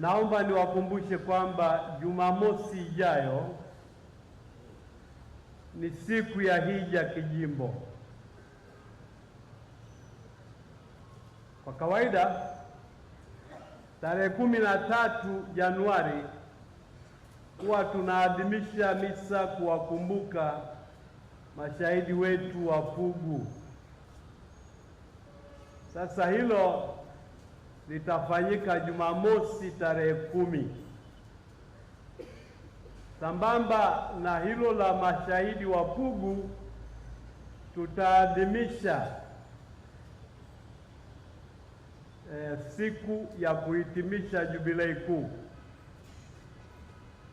Naomba niwakumbushe kwamba Jumamosi ijayo ni siku ya hija kijimbo. Kwa kawaida tarehe kumi na tatu Januari huwa tunaadhimisha misa kuwakumbuka mashahidi wetu wa Pugu. Sasa hilo litafanyika Jumamosi tarehe kumi. Sambamba na hilo la mashahidi wa Pugu, tutaadhimisha e, siku ya kuhitimisha jubilei kuu.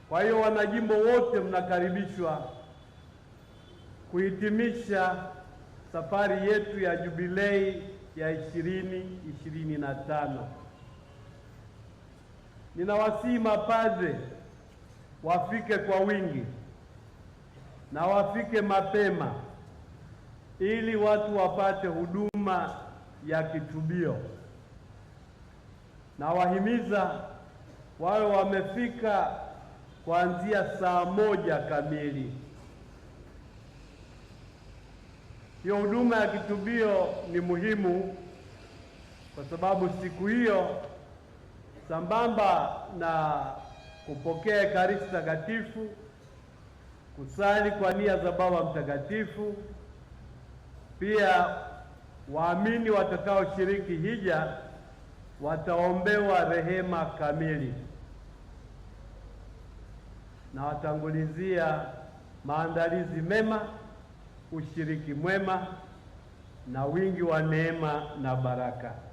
Kwa hiyo wanajimbo wote mnakaribishwa kuhitimisha safari yetu ya jubilei ya ishirini Ninawasihi mapadre wafike kwa wingi na wafike mapema ili watu wapate huduma ya kitubio. Nawahimiza wawe wamefika kuanzia saa moja kamili. Hiyo huduma ya kitubio ni muhimu kwa sababu siku hiyo sambamba na kupokea Ekaristi Takatifu, kusali kwa nia za Baba Mtakatifu, pia waamini watakaoshiriki hija wataombewa rehema kamili. Nawatangulizia maandalizi mema ushiriki mwema na wingi wa neema na baraka.